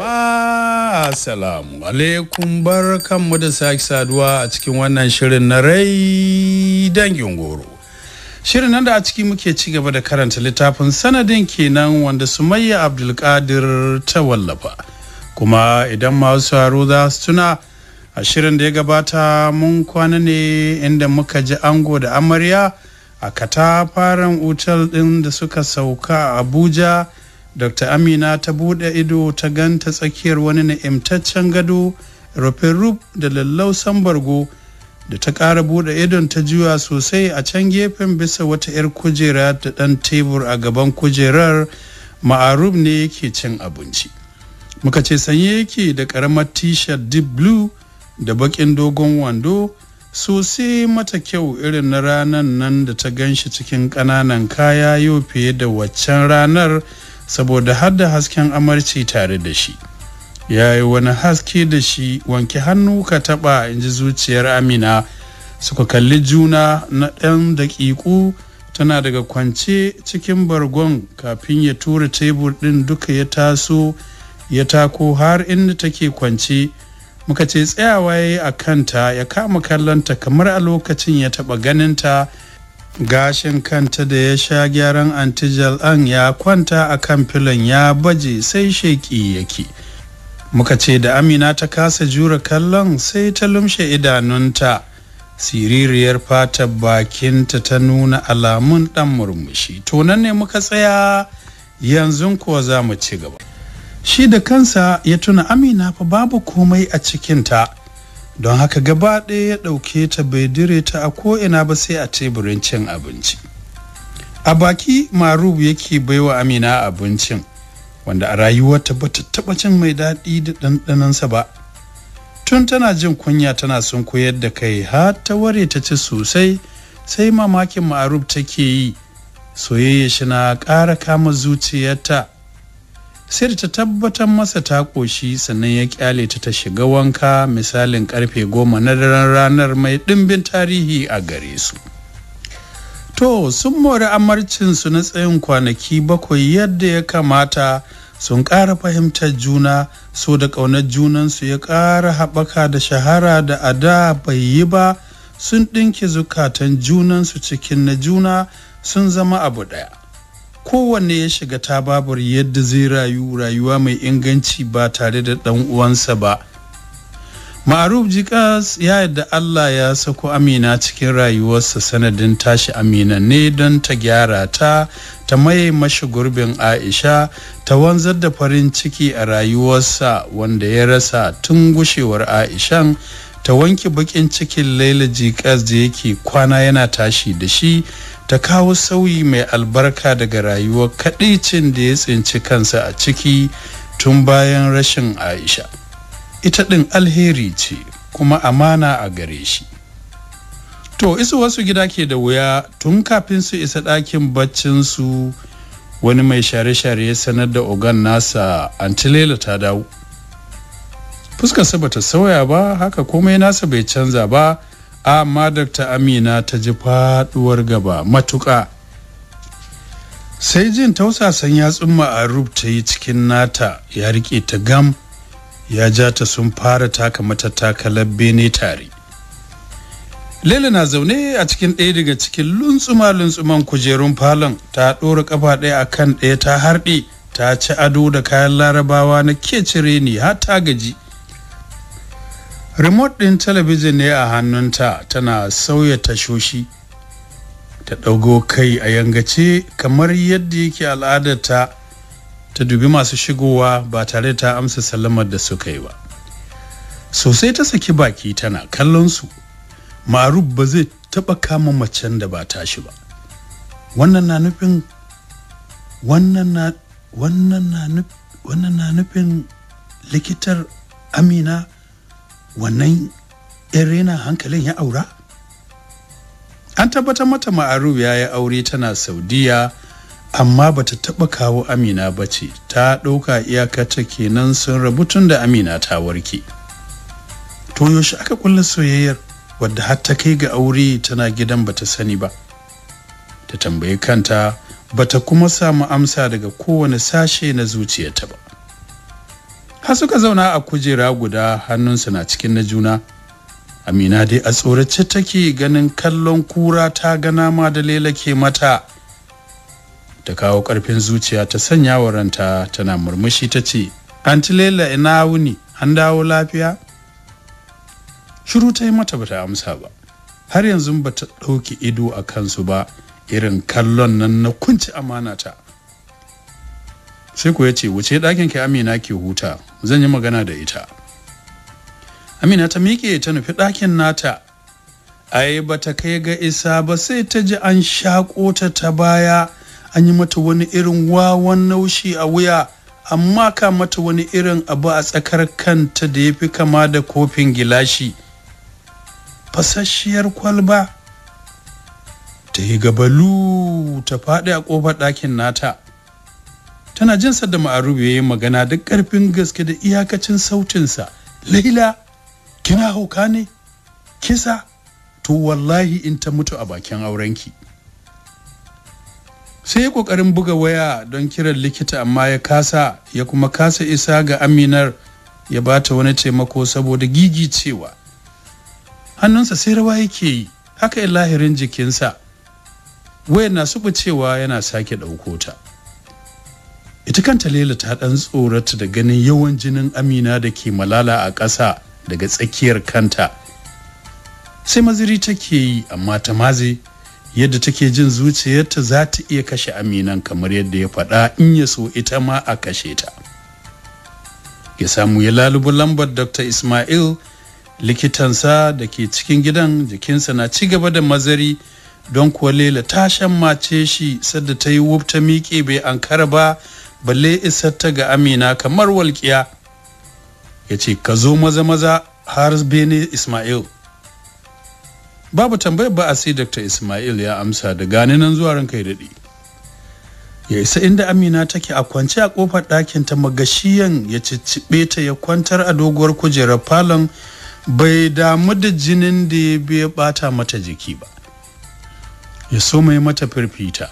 Assalamu alaikum bar mu da sake saduwa a cikin wannan shirin na rai dangin goro. Shirin nan da a ciki muke ci gaba da karanta littafin sanadin kenan wanda Sumayya Abdulkadir ta wallafa. Kuma idan masu haro za su tuna a shirin da ya gabata mun kwana ne inda muka ji ango da amarya a katafaren otal ɗin da suka sauka a Abuja. dr amina ta buɗe ido ta ganta tsakiyar wani na'imtaccen gado rufin rub da lallausan bargo da ta ƙara buɗe idon ta juya sosai a can gefen bisa wata 'yar kujera da ɗan tebur a gaban kujerar ma'arub ne yake cin abinci muka ce sanye yake da ƙaramar t-shirt deep blue da baƙin dogon wando sosai mata kyau irin na ranar nan da ta ganshi cikin ƙananan kaya yau fiye da waccan ranar saboda har da hasken amarci tare da shi ya yi wani haske da shi wanke hannu ka taɓa in ji zuciyar amina suka kalli juna na ɗan daƙiƙu tana daga kwance cikin bargon kafin ya tura tebur ɗin duka ya taso ya tako har inda take kwance muka ce tsayawa ya yi a kanta ya kama kallonta kamar a lokacin ya taɓa ganinta gashin kanta da ya sha gyaran antijal an ya kwanta a kan filon ya baje sai sheki yake muka ce da amina ta kasa jura kallon sai ta lumshe idanunta siririyar fatar bakinta ta nuna alamun dan murmushi to nan ne muka tsaya yanzu kuwa za mu ci gaba shi da kansa ya tuna amina fa babu komai a cikinta don haka gaba ɗaya ya ɗauke ta bai dire ta a ko'ina ba sai a teburin cin abinci a baki marubu yake baiwa amina abincin wanda a rayuwarta ba ta taɓa cin mai daɗi da ɗanɗanansa ba tun tana jin kunya tana sun koyar da kai har ta ware ta ci sosai sai mamakin ma'arub take yi soyayya shi na ƙara kama zuciyarta sai da ta tabbatar masa ta koshi sannan ya ƙyale ta ta shiga wanka misalin karfe goma na daren ranar mai ɗimbin tarihi a gare su to sun mori amarcinsu na tsayin kwanaki bakwai yadda ya kamata sun ƙara fahimtar juna so da ƙaunar junansu ya ƙara haɓaka da shahara da ada bai yi ba sun ɗinke zukatan junansu cikin na juna sun zama abu ɗaya kowanne ya shiga tababar yadda zai rayu rayuwa mai inganci ba tare da ɗan uwansa ba ma'aruf jikas ya yadda allah ya sako amina cikin rayuwarsa sanadin tashi amina ne don ta gyara ta ta maye mashi gurbin aisha ta wanzar da farin ciki a rayuwarsa wanda ya rasa tun gushewar aishan ta wanke bakin cikin laila jikas da yake kwana yana tashi da shi ta kawo sauyi mai albarka daga rayuwar kaɗaicin da ya tsinci kansa a ciki tun bayan rashin aisha ita ɗin alheri ce kuma amana a gare shi to isu wasu gida ke da wuya tun kafin su isa ɗakin su wani mai share-share ya sanar da ogan nasa antilela ta dawo fuskarsa bata sauya ba haka komai nasa bai canza ba amma dr amina ta ji faduwar gaba matuƙa sai jin tausasan yatsun ma'aruf ta yi cikin nata ya rike ta gam ya ja ta sun fara taka mata takalar bene tare lele na zaune a cikin ɗaya daga cikin luntsuma-luntsuman kujerun falon ta ɗora ƙafa ɗaya a kan ɗaya ta harɗe ta ci ado da kayan larabawa na cire ni har ta gaji remote ɗin talabijin ne a hannunta tana sauya tashoshi ta ɗago kai a yangace kamar yadda yake al'adarta ta dubi masu shigowa ba tare ta amsa sallamar da suka yi ba sosai ta saki baki tana kallon su maruf ba zai taɓa kama macen da ba tashi ba wannan na nufin wannan na wannan na nufin likitar amina wannan yan rena hankalin ya aura an tabbatar mata ma'aruf ya yi aure tana saudiya amma bata taɓa kawo amina ba ce ta ɗauka iyakata kenan sun rabu da amina ta warke to yaushe aka kulla soyayyar wadda har ta kai ga aure tana gidan bata sani ba ta tambayi kanta bata kuma samu amsa daga kowane sashe na zuciyarta ba har suka zauna a kujera guda hannunsu na cikin na juna amina dai a tsorace take ganin kallon kura ta gana ma da lelake mata ta kawo karfin zuciya ta sanya wa ranta tana murmushi ta ce anti lela ina wuni an dawo lafiya shiru ta yi mata bata amsa ba har yanzu bata ɗauki ido a kansu ba irin kallon nan na kunci amana ta. sai ku ya ce wuce ɗakin ki amina ke huta zan yi magana da ita amina ta miƙe ta nufi ɗakin nata ai ba ta kai ga isa ba sai ta ji an shaƙo ta ta baya an yi mata wani irin wawan naushi a wuya amma ka mata wani irin abu a tsakar kanta da ya fi kama da kofin gilashi fasasshiyar kwalba ta yi gabalu ta faɗi a ƙofar ɗakin nata tana jin da ma'arubu ya yi magana duk ƙarfin gaske da iyakacin sautinsa laila kina hauka ne kisa to wallahi in ta mutu a bakin aurenki sai ya ƙoƙarin buga waya don kiran likita amma ya kasa ya kuma kasa isa ga aminar ya bata wani taimako saboda gigi cewa hannunsa sai rawa yake yi haka lahirin jikinsa waya na cewa yana sake ɗauko ta ita kanta lela ta dan tsorata da ganin yawan jinin amina da ke malala a ƙasa daga tsakiyar kanta sai maziri take yi amma ta maze yadda take jin zuciyarta za ta iya kashe aminan kamar yadda ya faɗa in ya so ita ma a kashe ta ya samu ya lalubu lambar dr ismail likitansa da ke cikin gidan jikinsa na ci gaba da mazari don kuwa lela ta shan mace shi sadda ta yi wuf ta miƙe bai ankara ba balle isar ta ga amina kamar walƙiya ya ce ka zo maza maza har bene ismail babu tambayar ba a sai dr ismail ya amsa da gani nan zuwa ranka ya daɗe ya isa inda amina take a kwance a ƙofar ɗakin ta magashiyan ya cicciɓe ta ya kwantar a doguwar kujerar falon bai damu da jinin da ya biya bata mata jiki ba ya so mai mata firfita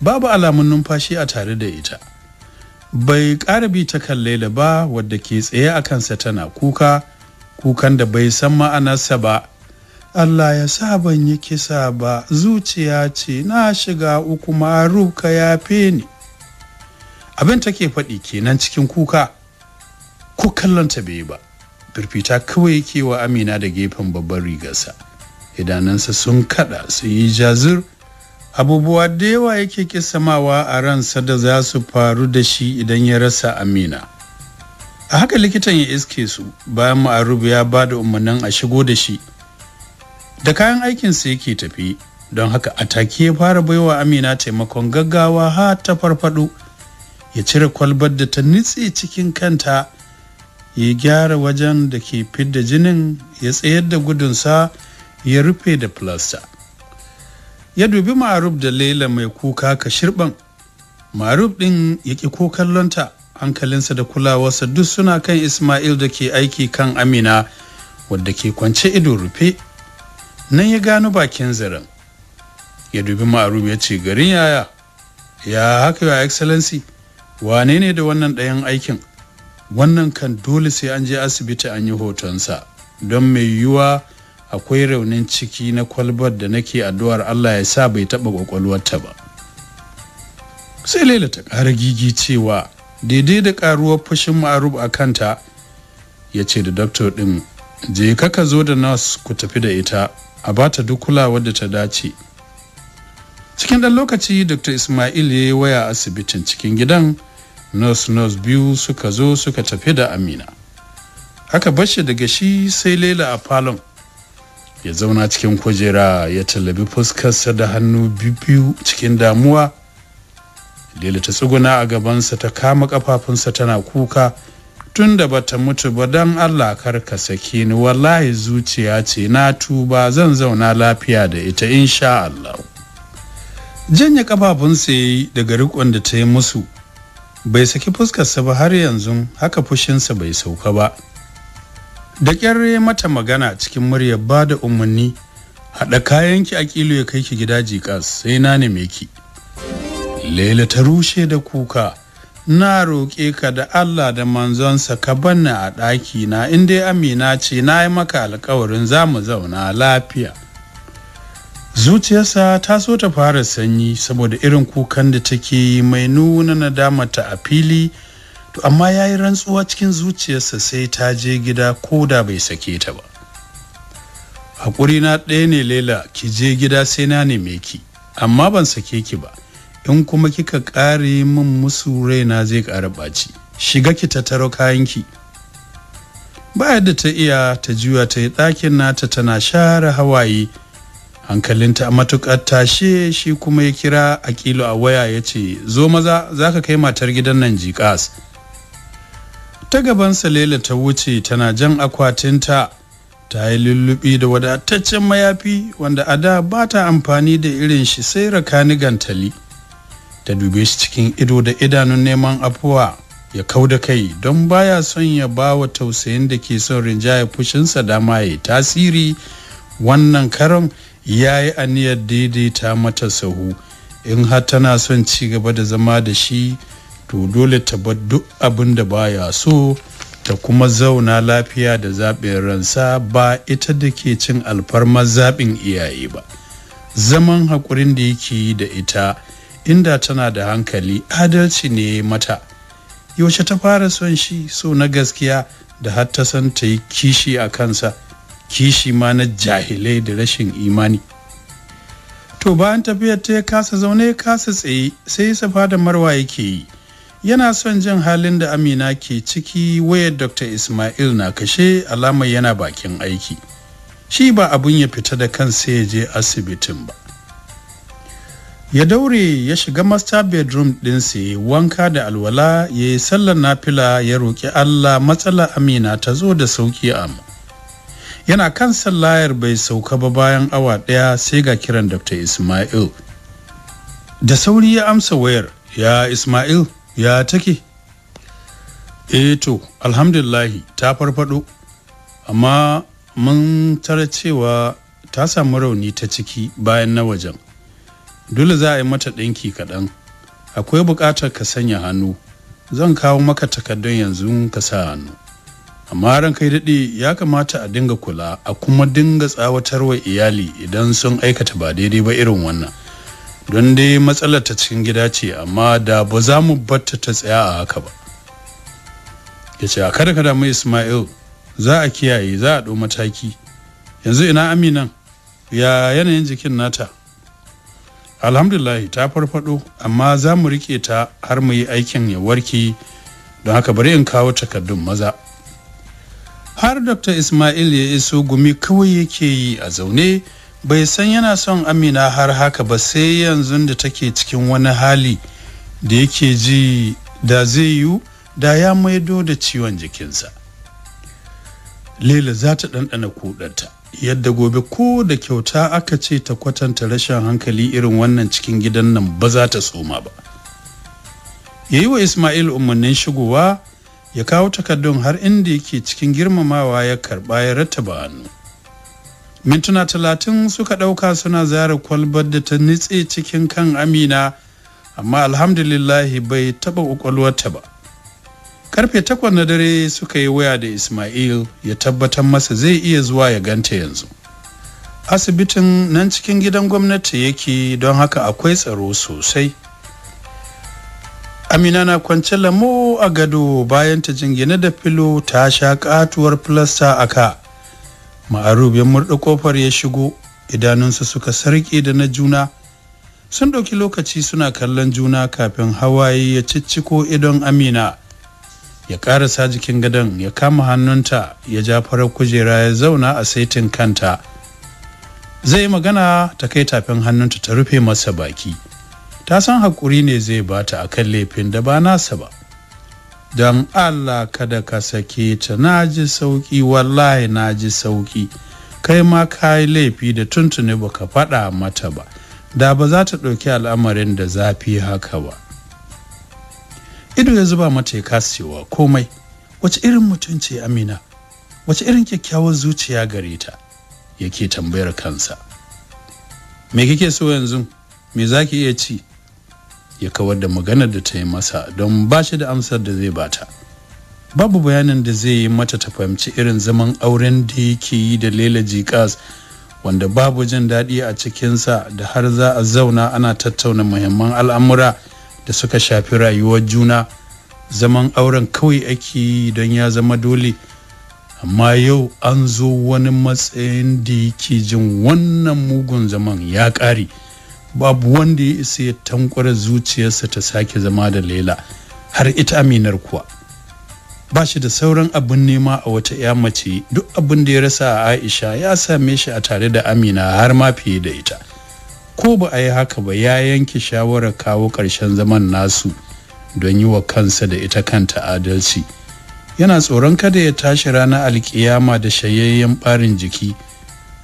babu alamun numfashi a tare da ita bai ƙara bi ta kan da ba wadda ke tsaye a kansa tana kuka kukan da bai san ma'anarsa ba Allah ya sa ban yi kisa ba zuciya ce na shiga uku maruka ka yafe ni abin take faɗi kenan cikin kuka ko kallonta bai ba firfita kawai yake wa amina da gefen babban rigarsa idanansa sun kada su yi jazir abubuwa da yawa yake kisamawa a ransa da za su faru da shi idan ya rasa amina a haka likitan ya iske su bayan ma'arubu ya ba da umarnin a shigo da shi da kayan aikinsa yake tafi don haka A ataki ya fara baiwa amina taimakon gaggawa har ta farfado ya cire kwalbar da ta nitse cikin kanta ya gyara wajen da ke fidda jinin ya tsayar da gudunsa ya rufe da plaster ya dubi ma'aruf da laila mai kuka ka shirban ma'aruf ɗin ya ƙi ko kallonta hankalinsa da kulawarsa duk suna kan ismail da ke aiki kan amina wadda ke kwance ido rufe nan ya gano bakin zaren ya dubi ma'aruf ya ce garin yaya ya haka ya excellency wane ne da wannan ɗayan aikin wannan kan dole sai an je asibiti an yi hotonsa don mai yiwuwa akwai raunin ciki na kwalbar da nake addu'ar Allah ya sa bai taɓa kwakwalwarta ba sai laila ta ƙara gigi cewa daidai da ƙaruwar fushin ma'arub a kanta ya ce da doktor ɗin je ka ka zo da nas ku tafi da ita a ba ta duk kulawar da ta dace cikin ɗan lokaci dr ismail ya yi waya asibitin cikin gidan nos nos biyu suka zo suka tafi da amina Haka bashi daga shi sai laila a falon ya zauna cikin kujera ya tallabi fuskarsa da hannu biyu cikin damuwa Lila ta tsuguna a gabansa ta kama kafafunsa tana kuka tun da bata mutu ba don Allah kar ka sake ni wallahi zuciya ce na tuba zan zauna lafiya da ita insha Allah janye kafafunsa yayi daga rikon da ta yi musu bai saki fuskarsa ba har yanzu haka fushinsa bai sauka ba da kyarre mata magana cikin muryar ba da umarni haɗa kayanki a kilo ya kai ki gida jikas sai na neme ki Laila ta rushe da kuka na roƙe ka da Allah da manzonsa ka banna a ɗaki na in dai amina ce na yi maka alkawarin za mu zauna lafiya zuciyarsa ta so ta fara sanyi saboda irin kukan da take mai nuna nadamata a fili to amma ya yi rantsuwa cikin zuciyarsa sai ta je gida ko da bai sake ta ba haƙuri na ɗaya ne lela ki je gida sai na neme ki amma ban sake ki ba in kuma kika ƙare min musu raina zai ƙara ɓaci shiga ki ta taro kayanki ba yadda ta iya ta juya ta yi ɗakin nata tana share hawaye hankalinta a matuƙar tashe shi kuma ya kira a kilo a waya ya ce zo maza za ka kai matar gidan nan jikas ta gabansa Laila ta wuce tana jan akwatinta ta yi lullubi da wadataccen mayafi wanda a da ba ta amfani da irin shi sai rakani gantali ta dube shi cikin ido da idanun neman afuwa ya kau da kai don baya son ya ba wa tausayin da ke son rinjaye fushinsa dama ya tasiri wannan karon ya yi aniyar daidaita mata sahu in har tana son ci gaba da zama da shi to dole ta bar duk abin da baya so ta kuma zauna lafiya da zaɓin ransa ba ita da ke cin alfarmar zaɓin iyaye ba zaman haƙurin da yake yi da ita inda tana da hankali adalci ne mata yaushe ta fara son shi so na gaskiya da har ta san ta yi kishi a kansa kishi ma na jahilai da rashin imani to bayan tafiyar ta ya kasa zaune ya kasa tsaye sai safa da marwa yake yi yana son jin halin da amina ke ciki wayar dr ismail na kashe alama yana bakin aiki shi ba abun ya fita da kansa ya je asibitin ba ya daure ya shiga master bedroom ɗinsa wanka da alwala ya yi sallar nafila ya roƙi allah matsalar amina ta zo da sauki a mu yana kan sallayar bai sauka ba bayan awa ɗaya sai ga kiran dr ismail da sauri ya amsa wayar ya ismail ya take eh to alhamdulillahi ta farfado amma mun tara cewa ta samu rauni ta ciki bayan na wajen dole za a yi mata ɗinki kaɗan akwai buƙatar ka sanya hannu zan kawo maka takardun yanzu ka sa hannu amma ran kai daɗe ya kamata a dinga kula a kuma dinga tsawatarwa iyali idan sun aikata ba daidai ba irin wannan don dai matsalar ta cikin gida ce amma da ba za mu batta ta tsaya a haka ba ya ce a kada kada mai ismail za a kiyaye za a ɗau mataki yanzu ina aminan ya yanayin jikin nata alhamdulahi ta farfado amma za mu rike ta har mu yi aikin ya warke don haka bari in kawo takardun maza har dr ismail ya iso gumi kawai yake yi a zaune bai san yana son amina har haka ba sai yanzu da take cikin wani hali da yake ji da zai yiwu da ya maido da ciwon jikinsa lela za ta ɗanɗana kuɗarta yadda gobe ko da kyauta aka ce ta kwatanta rashin hankali irin wannan cikin gidan nan ba za ta soma ba ya yi wa ismail umarnin shigowa ya kawo takardun har inda yake cikin girmamawa ya karɓa ya rataba hannu mintuna talatin suka ɗauka suna zara kwalbar da ta nitse cikin kan amina amma alhamdulillahi bai taɓa ƙwaƙwalwarta ba karfe takwas na dare suka yi waya da ismail ya tabbatar masa zai iya zuwa ya ganta yanzu asibitin nan cikin gidan gwamnati yake don haka akwai tsaro sosai amina na kwance lamo a gado bayan ta jingina da filo ta sha katuwar filasta a ka ma'arub ya murɗa kofar ya shigo idanunsa suka sarƙe da na juna sun ɗauki lokaci suna kallon juna kafin hawaye ya cicciko idon amina ya ƙarasa jikin gadon ya kama hannunta ya ja farar kujera ya zauna a saitin kanta zai yi magana ta kai tafin hannunta ta rufe masa baki ta san haƙuri ne zai bata a kan laifin da ba nasa ba don allah kada ka sake ta na ji sauki wallahi na ji sauki kai ma ka yi laifi da tuntuni baka faɗa mata ba da ba za ta ɗauki al'amarin da zafi haka ba ido ya zuba mata ya kasewa komai wace irin mutum amina wace irin kyakkyawar zuciya gare ta yake tambayar kansa me kike so yanzu me zaki iya ci ya kawar da maganar da ta yi masa don ba shi da amsar da zai bata babu bayanin da zai yi mata ta fahimci irin zaman auren da yake yi da lela jikas wanda babu jin daɗi a cikinsa da har za a zauna ana tattauna muhimman al'amura da suka shafi rayuwar juna zaman auren kawai ake yi don ya zama dole amma yau an zo wani matsayin da yake jin wannan mugun zaman ya ƙare. babu wanda ya isa ya tankwara zuciyarsa ta sake zama da Laila har ita aminar kuwa ba shi da sauran abin nema a wata ya mace duk abin da ya rasa a Aisha ya same shi a tare da Amina har ma fiye da ita ko ba a yi haka ba ya yanke shawarar kawo ƙarshen zaman nasu don yi wa kansa da ita kanta adalci yana tsoron kada ya tashi ranar alkiyama da shayayyen ɓarin jiki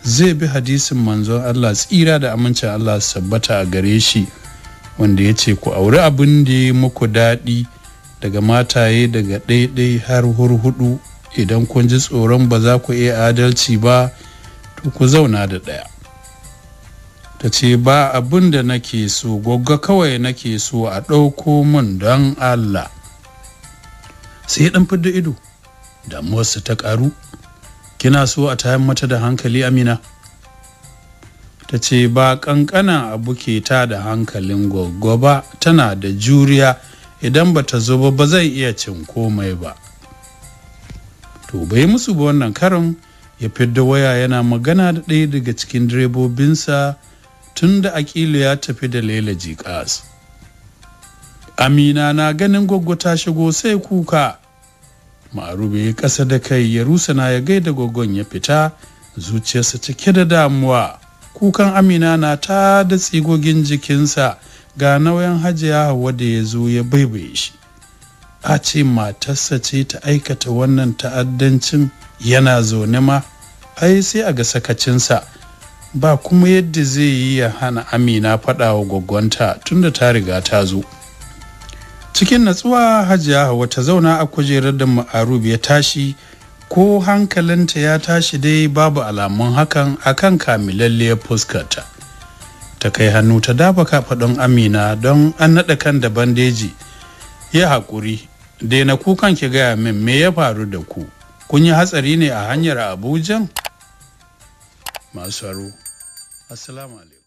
zai bi hadisin manzon Allah tsira da amincin Allah sabbata a gare shi wanda ya ce ku auri abin da ya muku daɗi daga mataye daga ɗaiɗai har hurhudu idan kun ji tsoron ba za ku iya adalci ba to ku zauna da ɗaya ta ce ba abin da nake so gogga kawai nake so a ɗauko mun don Allah sai ya ɗan fidda ido damuwarsa ta ƙaru kina so a tayan mata da hankali amina ta ce ba kankana abu ke ta da hankalin goggo ba tana da juriya idan ba ta zo ba zai iya cin komai ba to bai musu ba wannan karin ya fidda waya yana magana da ɗaya daga cikin direbobinsa tun da akilu ya tafi da lela jikas amina na ganin goggo ta shigo sai kuka ma'arube ya ƙasa da kai ya na ya gaida gwaggon ya fita zuciyarsa cike da damuwa kukan amina na ta da tsigogin jikinsa ga nauyin hajiya hawa da ya zo ya baibaye shi a ce matarsa ce ta aikata wannan ta'addancin yana zaune ma ai sai a ga sakacinsa ba kuma yadda zai yi ya hana amina faɗa wa gwaggwanta tunda ta riga ta zo cikin natsuwa hajiya hawa ta zauna a kujerar da ma'arub ya tashi ko hankalinta ya tashi dai babu alamun hakan akan ya fuskarta ta kai hannu ta dafa kafaɗin amina don an naɗa kan da bandeji ya haƙuri daina kukan ki gaya min me ya faru da ku kun yi hatsari ne a hanyar abuja masu assalamu alaikum